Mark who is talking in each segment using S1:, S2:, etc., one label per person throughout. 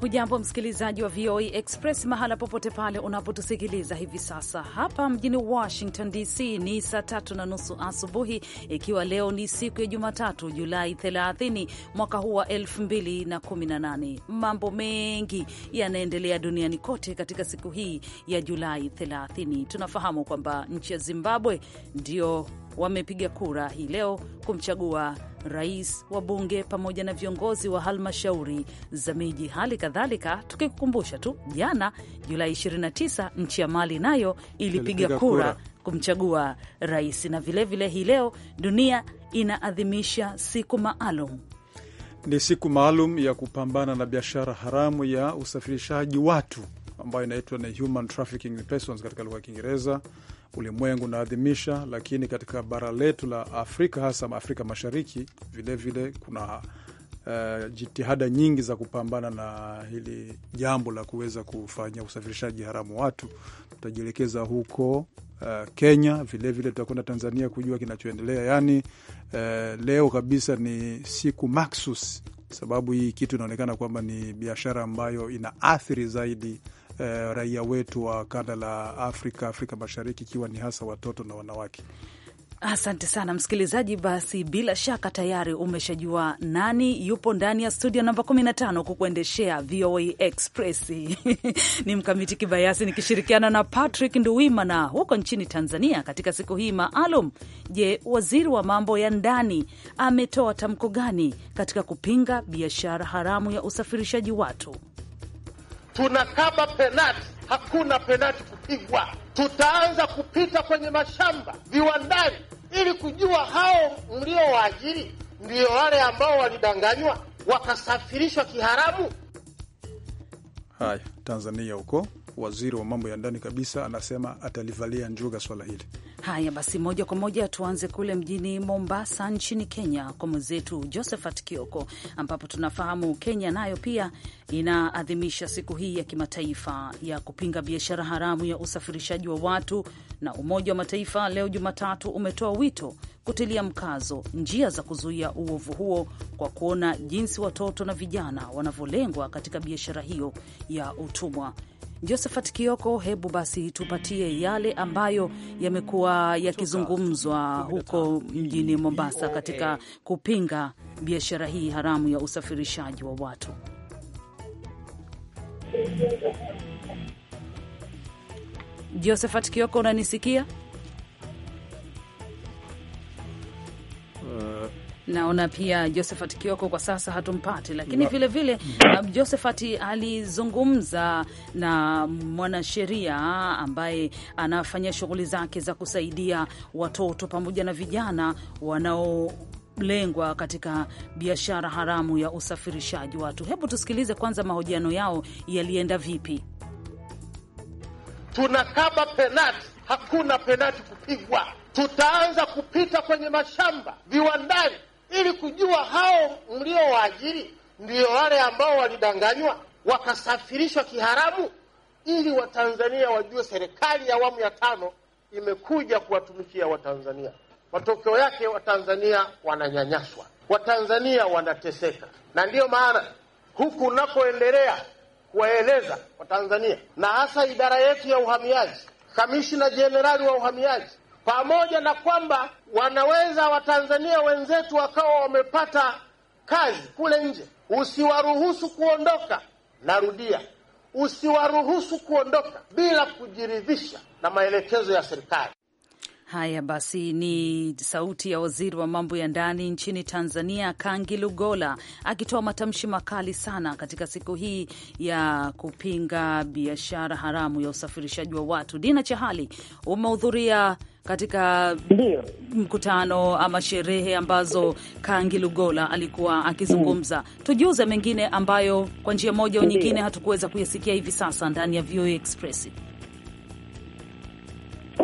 S1: Hujambo msikilizaji wa VOA e Express mahala popote pale unapotusikiliza hivi sasa. Hapa mjini Washington DC ni saa tatu na nusu asubuhi, ikiwa leo ni siku ya Jumatatu, Julai 30 mwaka huu wa 2018. Mambo mengi yanaendelea duniani kote katika siku hii ya Julai 30. Tunafahamu kwamba nchi ya Zimbabwe ndio wamepiga kura hii leo kumchagua rais, wa bunge pamoja na viongozi wa halmashauri za miji. Hali kadhalika tukikukumbusha tu jana, Julai 29 nchi ya Mali nayo ilipiga kura kumchagua rais, na vilevile hii leo dunia inaadhimisha siku maalum
S2: ni siku maalum ya kupambana na biashara haramu ya usafirishaji watu ambayo inaitwa na human trafficking persons katika lugha ya Kiingereza ulimwengu unaadhimisha, lakini katika bara letu la Afrika, hasa Afrika Mashariki, vilevile vile kuna Uh, jitihada nyingi za kupambana na hili jambo la kuweza kufanya usafirishaji haramu watu. Tutajielekeza huko uh, Kenya, vilevile tutakwenda Tanzania kujua kinachoendelea. Yaani uh, leo kabisa ni siku maksus, sababu hii kitu inaonekana kwamba ni biashara ambayo ina athiri zaidi eh, raia wetu wa kanda la Afrika, Afrika Mashariki, ikiwa ni hasa watoto na wanawake.
S1: Asante sana msikilizaji. Basi bila shaka tayari umeshajua nani yupo ndani ya studio namba 15 kukuendeshea VOA Express ni Mkamiti Kibayasi nikishirikiana na Patrick Nduwimana huko nchini Tanzania katika siku hii maalum. Je, waziri wa mambo ya ndani ametoa tamko gani katika kupinga biashara haramu ya usafirishaji watu? tunakaba penati, hakuna penati kupigwa.
S3: Tutaanza kupita kwenye mashamba, viwandani, ili kujua hao mliowaajiri ndiyo wale ambao walidanganywa wakasafirishwa kiharamu.
S2: Haya, Tanzania huko, waziri wa mambo ya ndani kabisa anasema
S1: atalivalia njuga swala hili. Haya basi, moja kwa moja tuanze kule mjini Mombasa nchini Kenya kwa mwenzetu Josephat Kioko, ambapo tunafahamu Kenya nayo pia inaadhimisha siku hii ya kimataifa ya kupinga biashara haramu ya usafirishaji wa watu, na Umoja wa Mataifa leo Jumatatu umetoa wito kutilia mkazo njia za kuzuia uovu huo kwa kuona jinsi watoto na vijana wanavyolengwa katika biashara hiyo ya utumwa. Josephat Kioko, hebu basi tupatie yale ambayo yamekuwa yakizungumzwa huko mjini Mombasa katika kupinga biashara hii haramu ya usafirishaji wa watu. Josephat Kioko, unanisikia? Uh, naona pia Josephat Kioko kwa sasa hatumpati, lakini vilevile vile, mm-hmm. um, Josephat alizungumza na mwanasheria ambaye anafanya shughuli zake za kusaidia watoto pamoja na vijana wanao lengwa katika biashara haramu ya usafirishaji watu. Hebu tusikilize kwanza mahojiano yao yalienda vipi. Tuna kama
S3: penati, hakuna penati kupigwa. Tutaanza kupita kwenye mashamba, viwandani ili kujua hao mliowaajiri ndio wale ambao walidanganywa wakasafirishwa kiharamu, ili Watanzania wajue serikali ya awamu ya tano imekuja kuwatumikia Watanzania. Matokeo yake Watanzania wananyanyaswa, Watanzania wanateseka, na ndiyo maana huku nakoendelea kuwaeleza Watanzania na hasa idara yetu ya uhamiaji, kamishina jenerali wa uhamiaji pamoja na kwamba wanaweza Watanzania wenzetu wakawa wamepata kazi kule nje, usiwaruhusu kuondoka. Narudia, usiwaruhusu kuondoka bila kujiridhisha na maelekezo ya serikali.
S1: Haya basi, ni sauti ya waziri wa mambo ya ndani nchini Tanzania, Kangi Lugola, akitoa matamshi makali sana katika siku hii ya kupinga biashara haramu ya usafirishaji wa watu. Dina Chahali umehudhuria katika Ndiyo. mkutano ama sherehe ambazo Kangi Lugola alikuwa hmm. akizungumza. Mm. Tujuze mengine ambayo kwa njia moja au nyingine hatukuweza kuyasikia hivi sasa ndani ya VOA Express.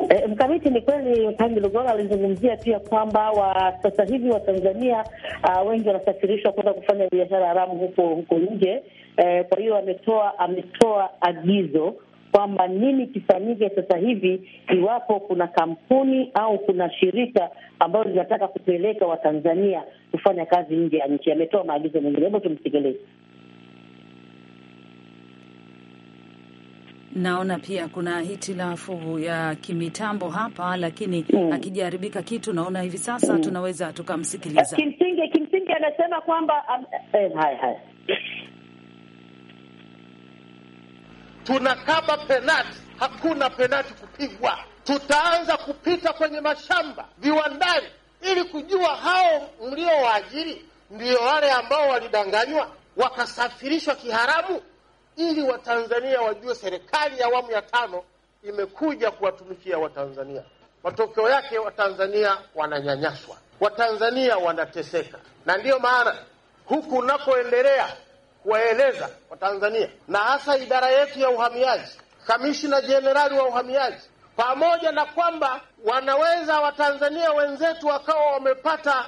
S4: E, mkamiti ni kweli, Kangi Lugola alizungumzia pia kwamba wa sasa hivi Watanzania uh, ah, wengi wanasafirishwa kwenda kufanya biashara haramu huko huko nje. E, kwa hiyo ametoa ametoa agizo kwamba nini kifanyike sasa hivi iwapo kuna kampuni au kuna shirika ambalo linataka kupeleka Watanzania kufanya kazi nje ya nchi. Ametoa maagizo mengine, hebu tumsikilize.
S1: Naona pia kuna hitilafu ya kimitambo hapa, lakini mm, akijaribika kitu naona hivi sasa mm, tunaweza tukamsikiliza.
S4: Kimsingi kimsingi anasema kwamba um, eh, hai, hai
S3: tunakaba penati, hakuna penati kupigwa. Tutaanza kupita kwenye mashamba, viwandani, ili kujua hao mliowaajiri ndio wale ambao walidanganywa wakasafirishwa kiharamu, ili watanzania wajue serikali ya awamu ya tano imekuja kuwatumikia Watanzania. Matokeo yake Watanzania wananyanyaswa, Watanzania wanateseka, na ndiyo maana huku unakoendelea kuwaeleza Watanzania na hasa idara yetu ya uhamiaji, kamishina jenerali wa uhamiaji, pamoja na kwamba wanaweza Watanzania wenzetu wakawa wamepata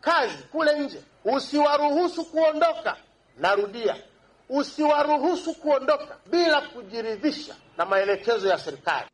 S3: kazi kule nje, usiwaruhusu kuondoka. Narudia, usiwaruhusu kuondoka bila kujiridhisha na maelekezo ya serikali.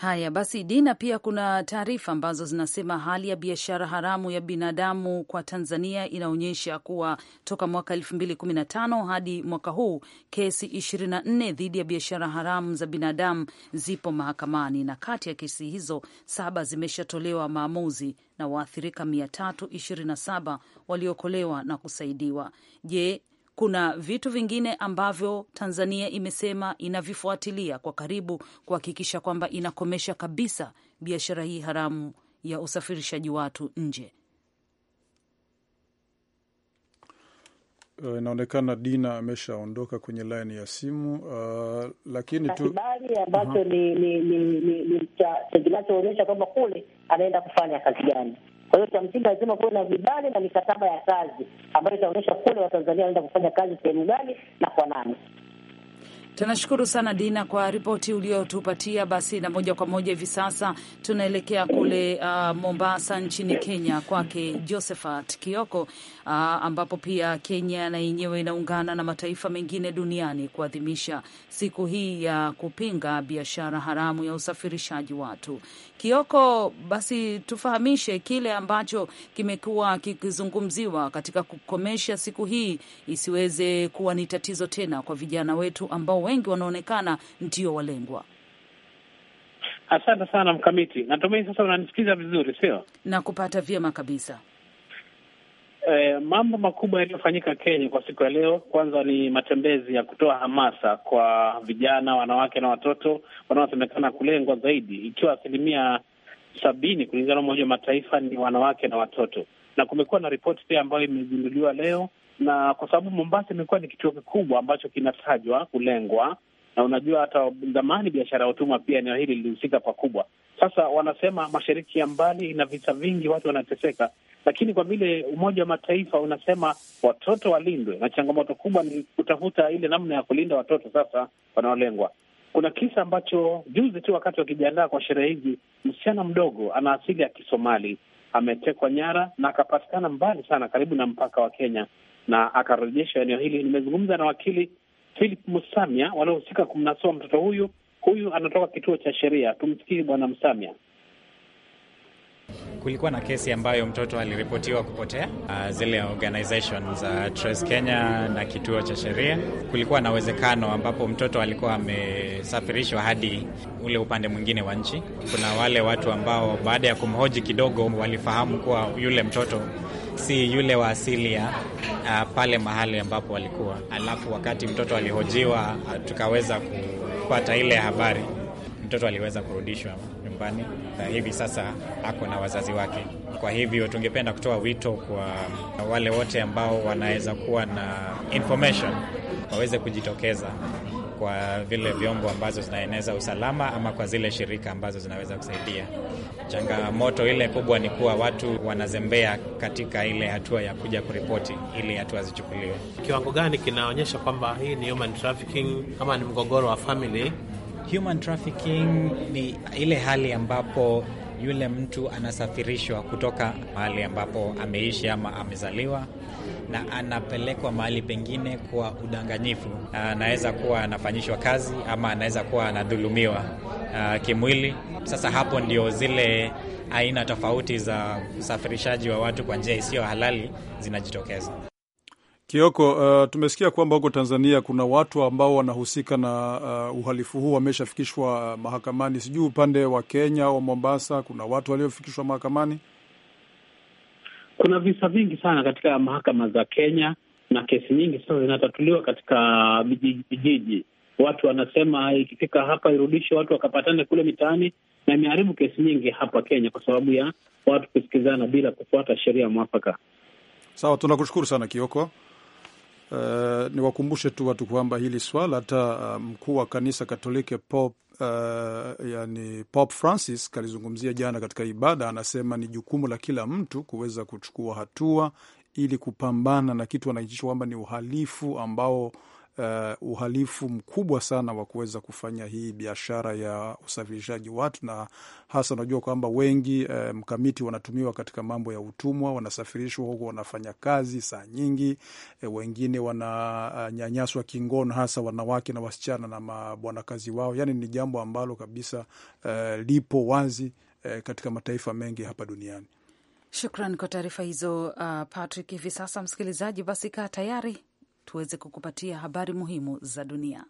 S1: Haya basi, Dina, pia kuna taarifa ambazo zinasema hali ya biashara haramu ya binadamu kwa Tanzania inaonyesha kuwa toka mwaka 2015 hadi mwaka huu kesi 24 dhidi ya biashara haramu za binadamu zipo mahakamani, na kati ya kesi hizo saba zimeshatolewa maamuzi na waathirika 327 waliokolewa na kusaidiwa. Je, kuna vitu vingine ambavyo Tanzania imesema inavifuatilia kwa karibu kuhakikisha kwamba inakomesha kabisa biashara hii haramu ya usafirishaji watu nje.
S2: Eh, inaonekana Dina ameshaondoka kwenye laini ya simu. Uh, lakini tu kibali ambacho ni kinachoonyesha kwamba kule anaenda kufanya kazi gani. Kwa hiyo cha msingi lazima kuwe
S4: na vibali na mikataba ya kazi ambayo itaonyesha kule Watanzania wanaenda kufanya kazi sehemu gani na kwa nani.
S1: Tunashukuru sana Dina kwa ripoti uliotupatia. Basi na moja kwa moja hivi sasa tunaelekea kule uh, Mombasa nchini Kenya, kwake Josephat Kioko Ah, ambapo pia Kenya na yenyewe inaungana na mataifa mengine duniani kuadhimisha siku hii ya kupinga biashara haramu ya usafirishaji watu. Kioko, basi tufahamishe kile ambacho kimekuwa kikizungumziwa katika kukomesha siku hii isiweze kuwa ni tatizo tena kwa vijana wetu ambao wengi wanaonekana ndio walengwa.
S4: Asante sana Mkamiti, natumai sasa unanisikiza
S1: vizuri, sio? Nakupata vyema kabisa.
S4: Eh, mambo makubwa yaliyofanyika Kenya kwa siku ya leo, kwanza ni matembezi ya kutoa hamasa kwa vijana, wanawake na watoto wanaosemekana kulengwa zaidi, ikiwa asilimia sabini kulingana na Umoja wa Mataifa ni wanawake na watoto. Na kumekuwa na ripoti pia ambayo imezinduliwa leo, na kwa sababu Mombasa imekuwa ni kituo kikubwa ambacho kinatajwa kulengwa, na unajua hata zamani biashara ya utumwa pia eneo hili lilihusika pakubwa. Sasa wanasema mashariki ya mbali ina vita vingi, watu wanateseka lakini kwa vile Umoja wa Mataifa unasema watoto walindwe, na changamoto kubwa ni kutafuta ile namna ya kulinda watoto sasa wanaolengwa. Kuna kisa ambacho juzi tu, wakati wakijiandaa kwa sherehe hizi, msichana mdogo ana asili ya Kisomali ametekwa nyara na akapatikana mbali sana, karibu na mpaka wa Kenya, na akarejeshwa eneo hili. Nimezungumza na wakili Philip Musamia waliohusika kumnasua mtoto huyu. Huyu anatoka kituo cha sheria. Tumsikie Bwana Msamia.
S5: Kulikuwa na kesi ambayo mtoto aliripotiwa kupotea, uh, zile organization za Trace Kenya na kituo cha sheria. Kulikuwa na uwezekano ambapo mtoto alikuwa amesafirishwa hadi ule upande mwingine wa nchi. Kuna wale watu ambao baada ya kumhoji kidogo, walifahamu kuwa yule mtoto si yule wa asili ya uh, pale mahali ambapo walikuwa. Alafu wakati mtoto alihojiwa, uh, tukaweza kupata ile habari, mtoto aliweza kurudishwa nyumbani na hivi sasa ako na wazazi wake. Kwa hivyo tungependa kutoa wito kwa wale wote ambao wanaweza kuwa na information waweze kujitokeza kwa vile vyombo ambazo zinaeneza usalama ama kwa zile shirika ambazo zinaweza kusaidia. Changamoto ile kubwa ni kuwa watu wanazembea katika ile hatua ya kuja kuripoti ili hatua zichukuliwe. Kiwango gani kinaonyesha kwamba hii ni human trafficking ama ni mgogoro wa family? Human trafficking ni ile hali ambapo yule mtu anasafirishwa kutoka mahali ambapo ameishi ama amezaliwa na anapelekwa mahali pengine kwa udanganyifu. Anaweza kuwa anafanyishwa kazi ama anaweza kuwa anadhulumiwa ah, kimwili. Sasa hapo ndio zile aina tofauti za usafirishaji wa watu kwa njia isiyo halali zinajitokeza.
S2: Kioko, uh, tumesikia kwamba huko Tanzania kuna watu ambao wanahusika na uh, uhalifu huu wameshafikishwa mahakamani. Sijui upande wa Kenya au Mombasa kuna watu waliofikishwa mahakamani. Kuna visa vingi sana katika mahakama za Kenya na kesi nyingi sasa zinatatuliwa katika
S4: vijiji. Watu wanasema ikifika hapa irudishe watu wakapatane kule mitaani, na imeharibu kesi nyingi hapa Kenya kwa sababu ya watu kusikizana bila kufuata sheria mwafaka.
S2: Sawa, tunakushukuru sana Kioko. Uh, niwakumbushe tu watu kwamba hili swala hata eh, mkuu wa kanisa Katoliki pop uh, eh, yani Pop Francis kalizungumzia jana katika ibada. Anasema ni jukumu la kila mtu kuweza kuchukua hatua ili kupambana na kitu anakichwa kwamba ni uhalifu ambao uh, uhalifu mkubwa sana wa kuweza kufanya hii biashara ya usafirishaji watu, na hasa unajua kwamba wengi uh, mkamiti wanatumiwa katika mambo ya utumwa, wanasafirishwa huku, wanafanya kazi saa nyingi uh, wengine wananyanyaswa uh, kingono, hasa wanawake na wasichana na mabwanakazi wao. Yani ni jambo ambalo kabisa uh, lipo wazi uh, katika mataifa mengi hapa duniani.
S1: Shukran kwa taarifa hizo, uh, Patrick. Hivi sasa msikilizaji, basi kaa tayari tuweze kukupatia habari muhimu za dunia.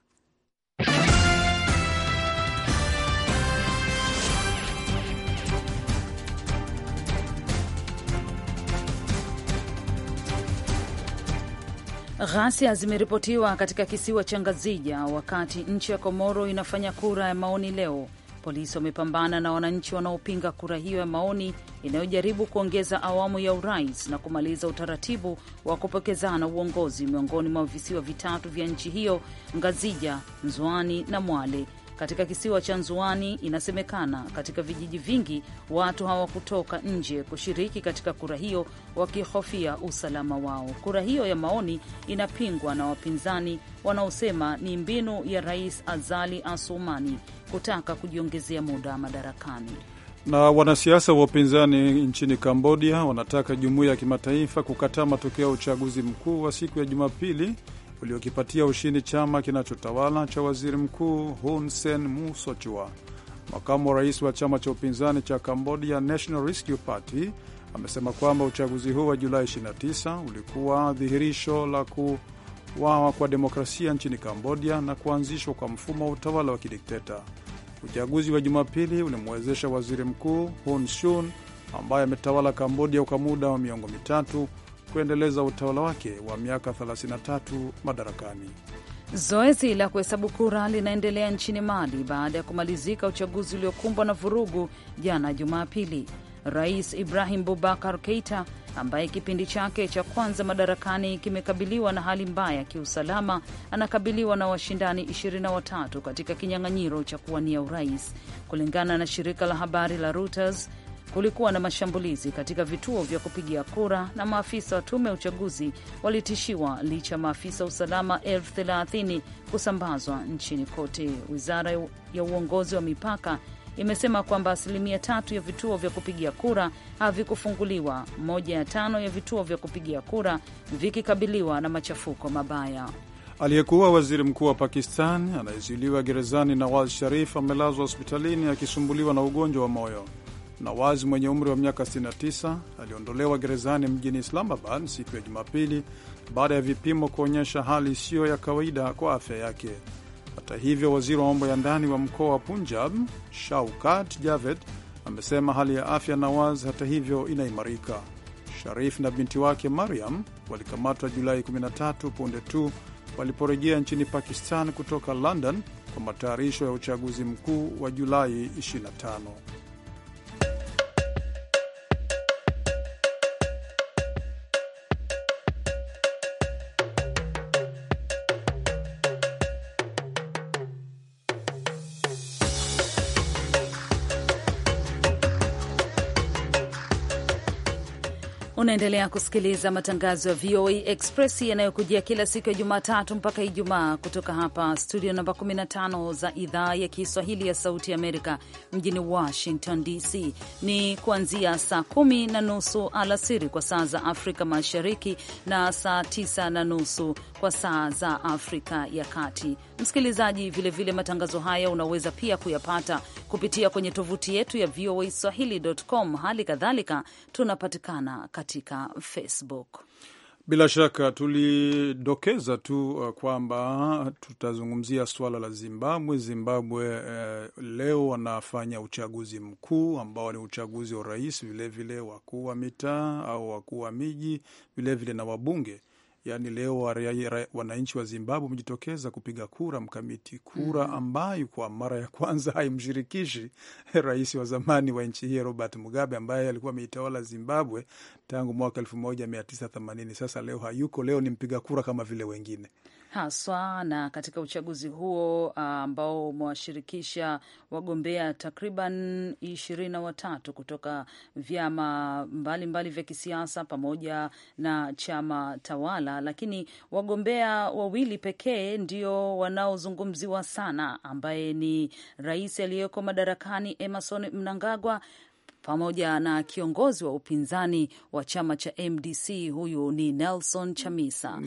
S1: Ghasia zimeripotiwa katika kisiwa cha Ngazija wakati nchi ya Komoro inafanya kura ya maoni leo Polisi wamepambana na wananchi wanaopinga kura hiyo ya maoni inayojaribu kuongeza awamu ya urais na kumaliza utaratibu wa kupokezana uongozi miongoni mwa visiwa vitatu vya nchi hiyo, Ngazija, Mzwani na Mwale, katika kisiwa cha nzuani Inasemekana katika vijiji vingi watu hawakutoka nje kushiriki katika kura hiyo, wakihofia usalama wao. Kura hiyo ya maoni inapingwa na wapinzani wanaosema ni mbinu ya Rais Azali asumani kutaka kujiongezea muda madarakani.
S2: Na wanasiasa wa upinzani nchini Kambodia wanataka jumuiya ya kimataifa kukataa matokeo ya uchaguzi mkuu wa siku ya Jumapili uliokipatia ushindi chama kinachotawala cha waziri mkuu Hun Sen Musochua. Makamu wa rais wa chama cha upinzani cha Cambodia National Rescue Party amesema kwamba uchaguzi huu wa Julai 29 ulikuwa dhihirisho la kuwawa kwa demokrasia nchini Cambodia na kuanzishwa kwa mfumo wa utawala wa kidikteta. Uchaguzi wa Jumapili ulimwezesha waziri mkuu Hun Sen ambaye ametawala Kambodia kwa muda wa miongo mitatu kuendeleza utawala wake wa miaka 33 madarakani.
S1: Zoezi la kuhesabu kura linaendelea nchini Mali baada ya kumalizika uchaguzi uliokumbwa na vurugu jana Jumapili. Rais Ibrahim bubakar Keita ambaye kipindi chake cha kwanza madarakani kimekabiliwa na hali mbaya ya kiusalama, anakabiliwa na washindani 23 katika kinyang'anyiro cha kuwania urais, kulingana na shirika la habari la Reuters kulikuwa na mashambulizi katika vituo vya kupigia kura na maafisa wa tume ya uchaguzi walitishiwa, licha ya maafisa wa usalama elfu thelathini kusambazwa nchini kote. Wizara ya uongozi wa mipaka imesema kwamba asilimia tatu ya vituo vya kupigia kura havikufunguliwa, moja ya tano ya vituo vya kupigia kura vikikabiliwa na machafuko mabaya.
S2: Aliyekuwa waziri mkuu wa Pakistan anayezuiliwa gerezani Nawaz Sharif amelazwa hospitalini akisumbuliwa na ugonjwa wa moyo. Nawaz mwenye umri wa miaka 69 aliondolewa gerezani mjini Islamabad siku ya Jumapili baada ya vipimo kuonyesha hali isiyo ya kawaida kwa afya yake. Hata hivyo, waziri wa mambo ya ndani wa mkoa wa Punjab Shaukat Javed amesema hali ya afya Nawaz hata hivyo inaimarika. Sharif na binti wake Mariam walikamatwa Julai 13 punde tu waliporejea nchini Pakistan kutoka London kwa matayarisho ya uchaguzi mkuu wa Julai 25.
S1: Unaendelea kusikiliza matangazo ya VOA Express yanayokujia kila siku ya Jumatatu mpaka Ijumaa kutoka hapa studio namba 15 za idhaa ya Kiswahili ya Sauti Amerika mjini Washington DC. Ni kuanzia saa kumi na nusu alasiri kwa saa za Afrika Mashariki na saa tisa na nusu kwa saa za Afrika ya Kati. Msikilizaji, vilevile matangazo haya unaweza pia kuyapata kupitia kwenye tovuti yetu ya VOA Swahili.com. Hali kadhalika tunapatikana katika Facebook.
S2: Bila shaka tulidokeza tu uh, kwamba tutazungumzia suala la Zimbabwe. Zimbabwe uh, leo wanafanya uchaguzi mkuu ambao ni uchaguzi wa rais, vilevile wakuu wa mitaa au wakuu wa miji, vilevile na wabunge. Yaani leo wananchi wa Zimbabwe wamejitokeza kupiga kura mkamiti, kura mm-hmm. ambayo kwa mara ya kwanza haimshirikishi rais wa zamani wa nchi hiyo Robert Mugabe ambaye alikuwa ameitawala Zimbabwe tangu mwaka themanini. Sasa leo hayuko, leo ni mpiga kura kama vile wengine
S1: haswa, na katika uchaguzi huo ah, ambao umewashirikisha wagombea takriban ishirini na watatu kutoka vyama mbalimbali mbali vya kisiasa pamoja na chama tawala, lakini wagombea wawili pekee ndio wanaozungumziwa sana, ambaye ni rais aliyeko madarakani Emerson Mnangagwa pamoja na kiongozi wa upinzani wa chama cha MDC, huyu ni Nelson Chamisa.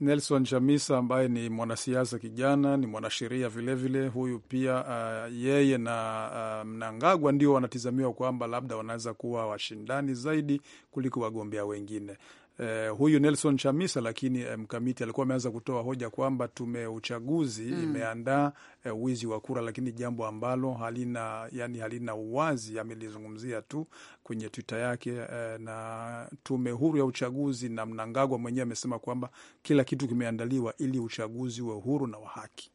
S2: Nelson Chamisa ambaye ni mwanasiasa kijana, ni mwanasheria vilevile. Huyu pia uh, yeye na uh, Mnangagwa ndio wanatizamiwa kwamba labda wanaweza kuwa washindani zaidi kuliko wagombea wengine. Eh, huyu Nelson Chamisa lakini eh, mkamiti alikuwa ameanza kutoa hoja kwamba tume uchaguzi mm, imeandaa eh, wizi wa kura, lakini jambo ambalo halina yani halina uwazi. Amelizungumzia tu kwenye Twitter yake eh, na tume huru ya uchaguzi, na Mnangagwa mwenyewe amesema kwamba kila kitu kimeandaliwa ili uchaguzi uwe huru na wa haki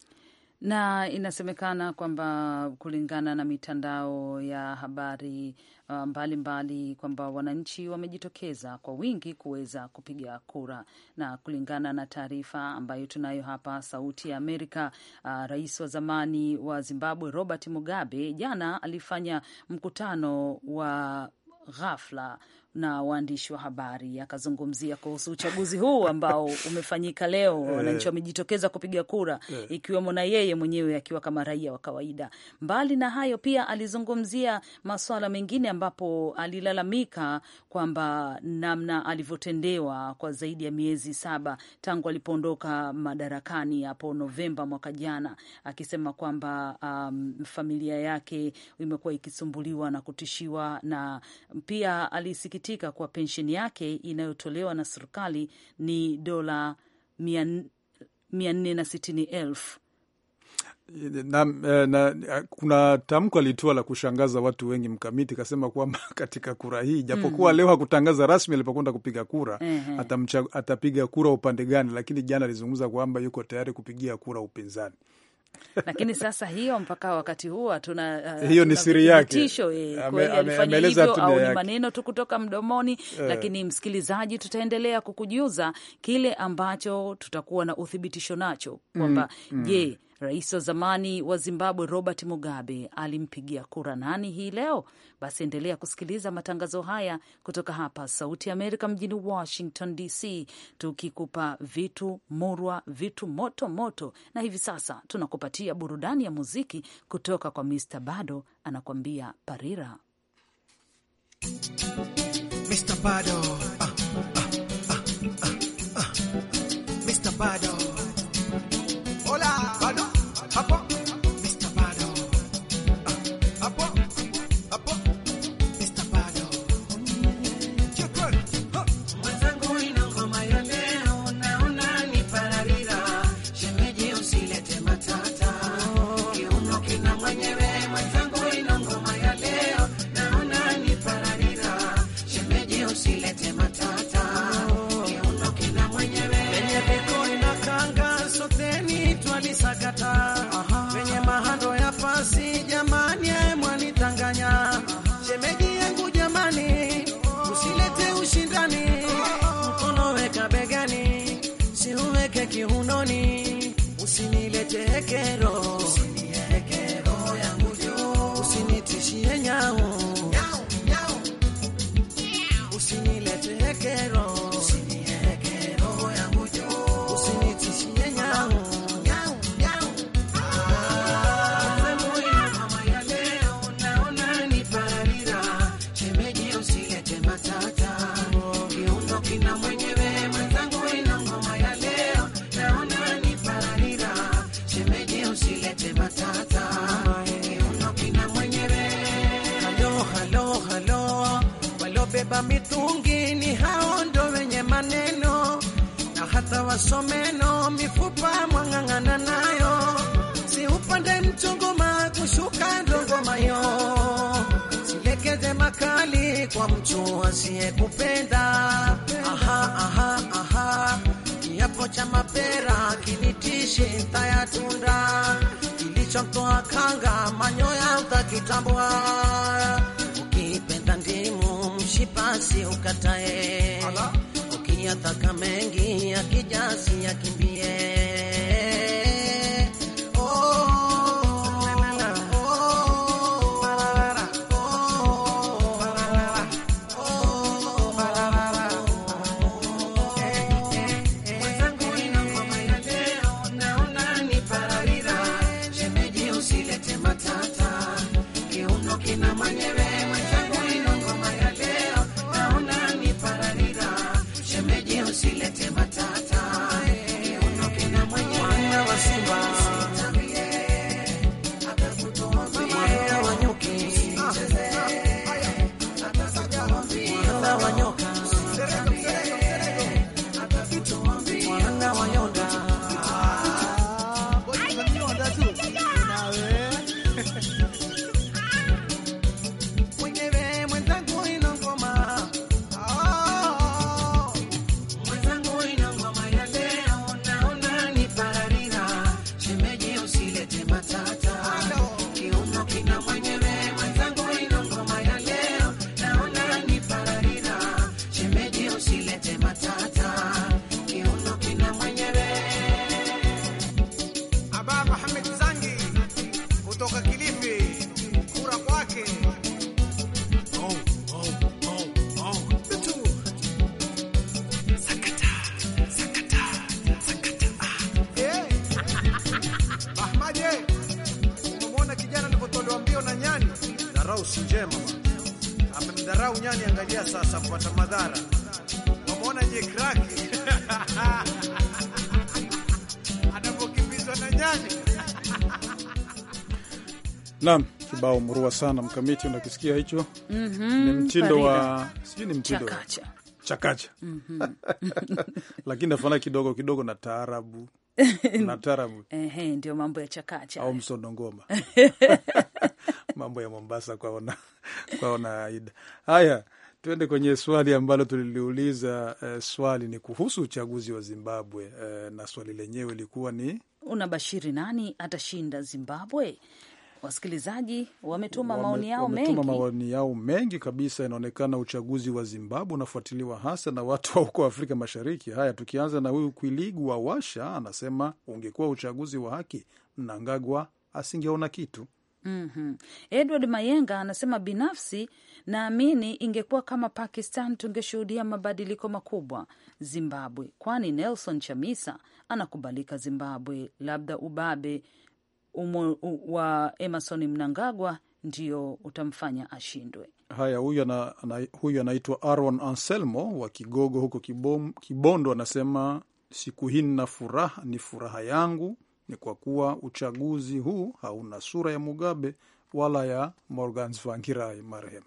S1: na inasemekana kwamba kulingana na mitandao ya habari uh, mbalimbali kwamba wananchi wamejitokeza kwa wingi kuweza kupiga kura, na kulingana na taarifa ambayo tunayo hapa Sauti ya Amerika, uh, rais wa zamani wa Zimbabwe Robert Mugabe jana alifanya mkutano wa ghafla na waandishi wa habari akazungumzia kuhusu uchaguzi huu ambao umefanyika leo. Eh. Wananchi wamejitokeza kupiga kura, eh. ikiwemo na yeye mwenyewe akiwa kama raia wa kawaida. Mbali na hayo, pia alizungumzia masuala mengine ambapo alilalamika kwamba namna alivyotendewa kwa zaidi ya miezi saba tangu alipoondoka madarakani hapo Novemba mwaka jana, akisema kwamba um, familia yake imekuwa ikisumbuliwa na kutishiwa na pia alisiki kusikitika kuwa pensheni yake inayotolewa na serikali ni dola nne
S2: Na, eh, na, kuna tamko alitoa la kushangaza watu wengi mkamiti, kasema kwamba katika kura hii japokuwa mm -hmm. leo hakutangaza rasmi alipokwenda kupiga kura mm -hmm. atamcha, atapiga kura upande gani, lakini jana alizungumza kwamba yuko tayari kupigia kura upinzani
S1: lakini sasa hiyo mpaka wakati huo hatuna uh, hiyo ni siri yake eh, ameeleza tu au ni maneno tu kutoka mdomoni uh. Lakini msikilizaji, tutaendelea kukujuza kile ambacho tutakuwa na uthibitisho nacho kwamba mm, mm. je mm, Rais wa zamani wa Zimbabwe Robert Mugabe alimpigia kura nani hii leo? Basi endelea kusikiliza matangazo haya kutoka hapa Sauti ya Amerika mjini Washington DC, tukikupa vitu murwa, vitu moto moto, na hivi sasa tunakupatia burudani ya muziki kutoka kwa Mr Bado anakuambia Parira. Mr. Bado. Uh, ah, uh, ah, uh, ah, uh, uh. Mr. Bado.
S6: Hola. Nataka mengi ya kijasi ya kimbi
S2: kibao murua sana mkamiti, unakisikia hicho? mm
S1: -hmm, ni mtindo wa
S2: sijui ni mtindo chakacha, chakacha. Mm -hmm. lakini nafana kidogo kidogo na taarabu na taarabu
S1: ndio mambo ya chakacha au msondongoma
S2: mambo ya Mombasa kwaona kwaona Aida. Haya, tuende kwenye swali ambalo tuliliuliza. Eh, swali ni kuhusu uchaguzi wa Zimbabwe eh, na swali lenyewe ilikuwa ni
S1: unabashiri nani atashinda Zimbabwe? Wasikilizaji wametuma wame, maoni yao wame mengi,
S2: maoni yao mengi kabisa. Inaonekana uchaguzi wa Zimbabwe unafuatiliwa hasa na watu wa huko Afrika Mashariki. Haya, tukianza na huyu Kwiligu wa Washa, anasema ungekuwa uchaguzi wa haki Mnangagwa asingeona kitu.
S1: Mm -hmm. Edward Mayenga anasema binafsi naamini ingekuwa kama Pakistan tungeshuhudia mabadiliko makubwa Zimbabwe, kwani Nelson Chamisa anakubalika Zimbabwe, labda ubabe umo, u, wa Emerson Mnangagwa ndio utamfanya ashindwe.
S2: Haya, huyu ana, ana, huyu anaitwa Aaron Anselmo wa Kigogo huko Kibom, Kibondo, anasema siku hii nina furaha, ni furaha yangu ni kwa kuwa uchaguzi huu hauna sura ya Mugabe wala ya Morgan Tsvangirai marehemu.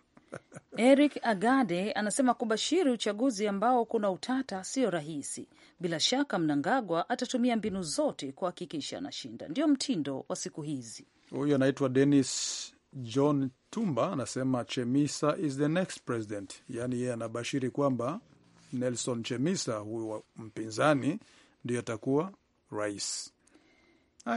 S1: Eric Agade anasema kubashiri uchaguzi ambao kuna utata sio rahisi, bila shaka Mnangagwa atatumia mbinu zote kuhakikisha anashinda. Ndio mtindo wa siku hizi.
S2: Huyu anaitwa Denis John Tumba, anasema Chemisa is the next president, yaani yeye anabashiri kwamba Nelson Chemisa, huyu mpinzani, ndio atakuwa rais.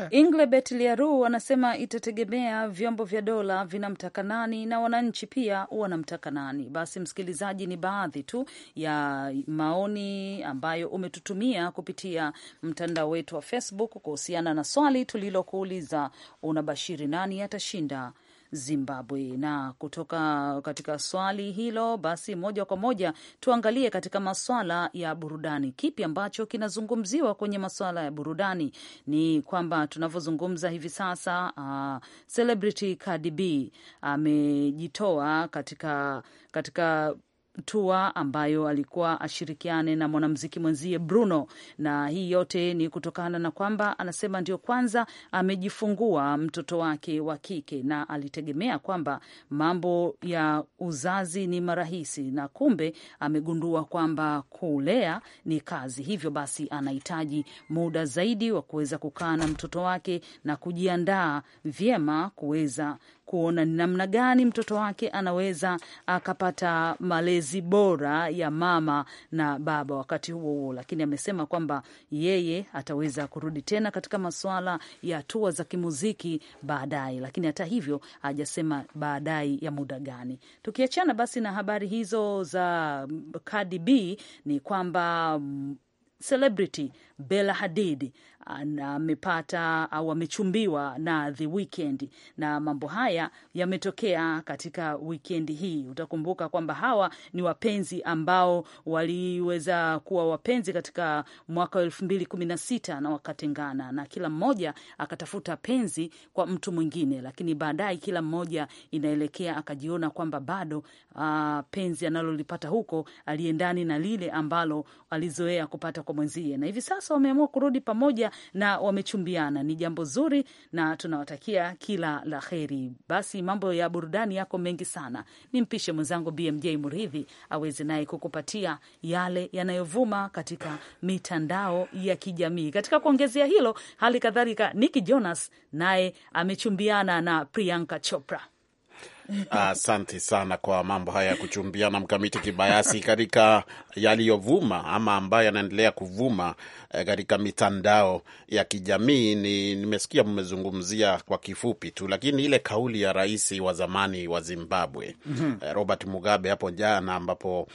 S1: Inglebert Liaru anasema itategemea vyombo vya dola vinamtaka nani na wananchi pia wanamtaka nani. Basi msikilizaji, ni baadhi tu ya maoni ambayo umetutumia kupitia mtandao wetu wa Facebook kuhusiana na swali tulilokuuliza, unabashiri nani atashinda Zimbabwe. Na kutoka katika swali hilo, basi moja kwa moja tuangalie katika maswala ya burudani, kipi ambacho kinazungumziwa kwenye maswala ya burudani? Ni kwamba tunavyozungumza hivi sasa, uh, celebrity Cardi B amejitoa katika katika tua ambayo alikuwa ashirikiane na mwanamuziki mwenzie Bruno, na hii yote ni kutokana na kwamba anasema ndio kwanza amejifungua mtoto wake wa kike, na alitegemea kwamba mambo ya uzazi ni marahisi, na kumbe amegundua kwamba kulea ni kazi. Hivyo basi anahitaji muda zaidi wa kuweza kukaa na mtoto wake na kujiandaa vyema kuweza kuona ni namna gani mtoto wake anaweza akapata malezi bora ya mama na baba wakati huo huo, lakini amesema kwamba yeye ataweza kurudi tena katika masuala ya hatua za kimuziki baadaye, lakini hata hivyo hajasema baadaye ya muda gani. Tukiachana basi na habari hizo za Cardi B, ni kwamba mm, celebrity Bella Hadid amepata au amechumbiwa na The Weekend, na mambo haya yametokea katika wikendi hii. Utakumbuka kwamba hawa ni wapenzi ambao waliweza kuwa wapenzi katika mwaka wa elfu mbili kumi na sita na wakatengana, na kila mmoja akatafuta penzi kwa mtu mwingine, lakini baadaye kila mmoja inaelekea akajiona kwamba bado uh, penzi analolipata huko aliendani na lile ambalo alizoea kupata kwa mwenzie, na hivi sasa wameamua kurudi pamoja na wamechumbiana. Ni jambo zuri na tunawatakia kila la heri. Basi mambo ya burudani yako mengi sana, nimpishe mwenzangu BMJ Muridhi aweze naye kukupatia yale yanayovuma katika mitandao ya kijamii. Katika kuongezea hilo, hali kadhalika niki Jonas naye amechumbiana na Priyanka Chopra.
S7: Asante uh, sana kwa mambo haya ya kuchumbiana mkamiti kibayasi katika yaliyovuma ama ambayo yanaendelea kuvuma eh, katika mitandao ya kijamii. Ni nimesikia mmezungumzia kwa kifupi tu, lakini ile kauli ya rais wa zamani wa Zimbabwe mm -hmm. Robert Mugabe hapo jana ambapo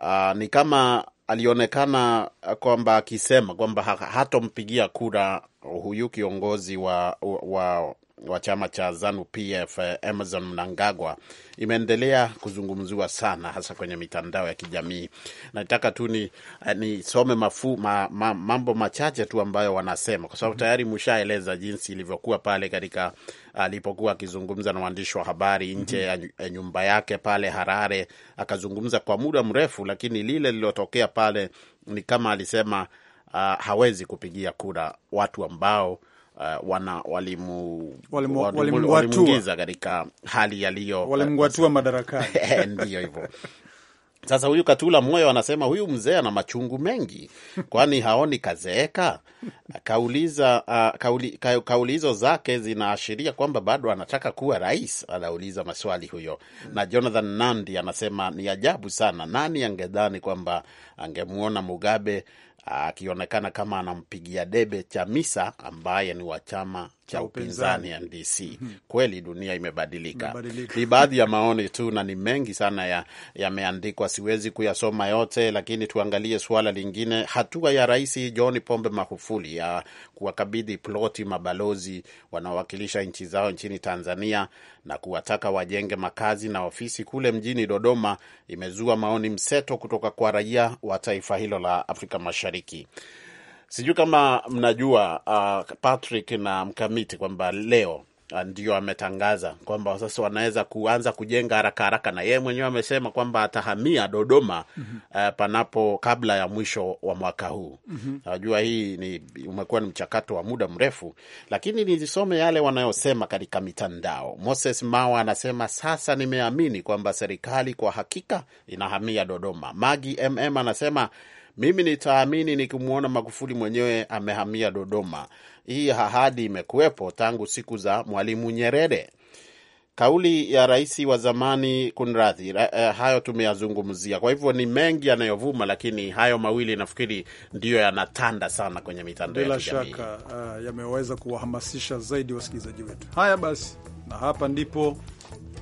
S7: uh, ni kama alionekana kwamba akisema kwamba hatompigia kura huyu kiongozi wa, wa, wa wa chama cha Zanu PF Amazon Mnangagwa imeendelea kuzungumziwa sana, hasa kwenye mitandao ya kijamii. Nataka tu ni eh, nisome mafu, ma, ma, mambo machache tu ambayo wanasema, kwa sababu mhm. tayari mshaeleza jinsi ilivyokuwa pale katika alipokuwa akizungumza na waandishi wa habari mhm. nje ya mm -hmm. nyumba yake pale Harare, akazungumza kwa muda mrefu, lakini lile lililotokea pale ni kama alisema uh, hawezi kupigia kura watu ambao uh, wana walimuingiza katika hali yaliyo, uh, walimng'atua madarakani eh, hivyo. Sasa huyu Katula Moyo anasema huyu mzee ana machungu mengi, kwani haoni kazeeka? Kauliza uh, kauli, ka, kaulizo hizo zake zinaashiria kwamba bado anataka kuwa rais, anauliza maswali huyo. Na Jonathan Nandi anasema ni ajabu sana, nani angedhani kwamba angemwona Mugabe akionekana kama anampigia debe Chamisa ambaye ni wa chama cha upinzani NDC. Mhm. Kweli dunia imebadilika. Ni baadhi ya maoni tu, na ni mengi sana yameandikwa, ya siwezi kuyasoma yote, lakini tuangalie suala lingine, hatua ya Rais John Pombe Magufuli ya kuwakabidhi ploti mabalozi wanaowakilisha nchi zao nchini Tanzania na kuwataka wajenge makazi na ofisi kule mjini Dodoma imezua maoni mseto kutoka kwa raia wa taifa hilo la Afrika Mashariki. Sijui kama mnajua uh, Patrick na mkamiti kwamba leo uh, ndio ametangaza kwamba sasa wanaweza kuanza kujenga haraka haraka, na yeye mwenyewe amesema kwamba atahamia Dodoma mm -hmm. uh, panapo kabla ya mwisho wa mwaka huu mm -hmm. Najua hii ni umekuwa ni mchakato wa muda mrefu, lakini nisome yale wanayosema katika mitandao. Moses Mawa anasema sasa nimeamini kwamba serikali kwa hakika inahamia Dodoma. Magi mm anasema mimi nitaamini nikimwona Magufuli mwenyewe amehamia Dodoma. Hii ahadi imekuwepo tangu siku za Mwalimu Nyerere. Kauli ya rais wa zamani kunradhi, eh, hayo tumeyazungumzia. Kwa hivyo ni mengi yanayovuma, lakini hayo mawili nafikiri ndiyo yanatanda sana kwenye mitandao ya shaka
S2: uh, yameweza kuwahamasisha zaidi wasikilizaji wetu. Haya basi, na hapa ndipo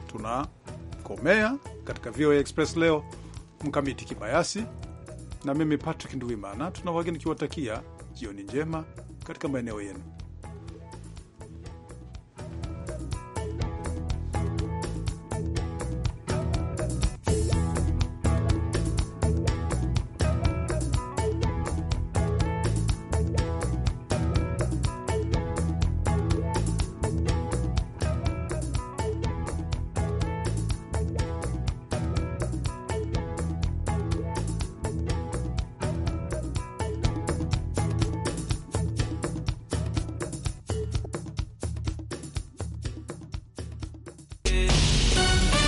S2: tunakomea katika VOA Express leo. Mkamiti Kibayasi na mimi Patrick Ndwimana tunawageni nikiwatakia jioni njema katika maeneo yenu.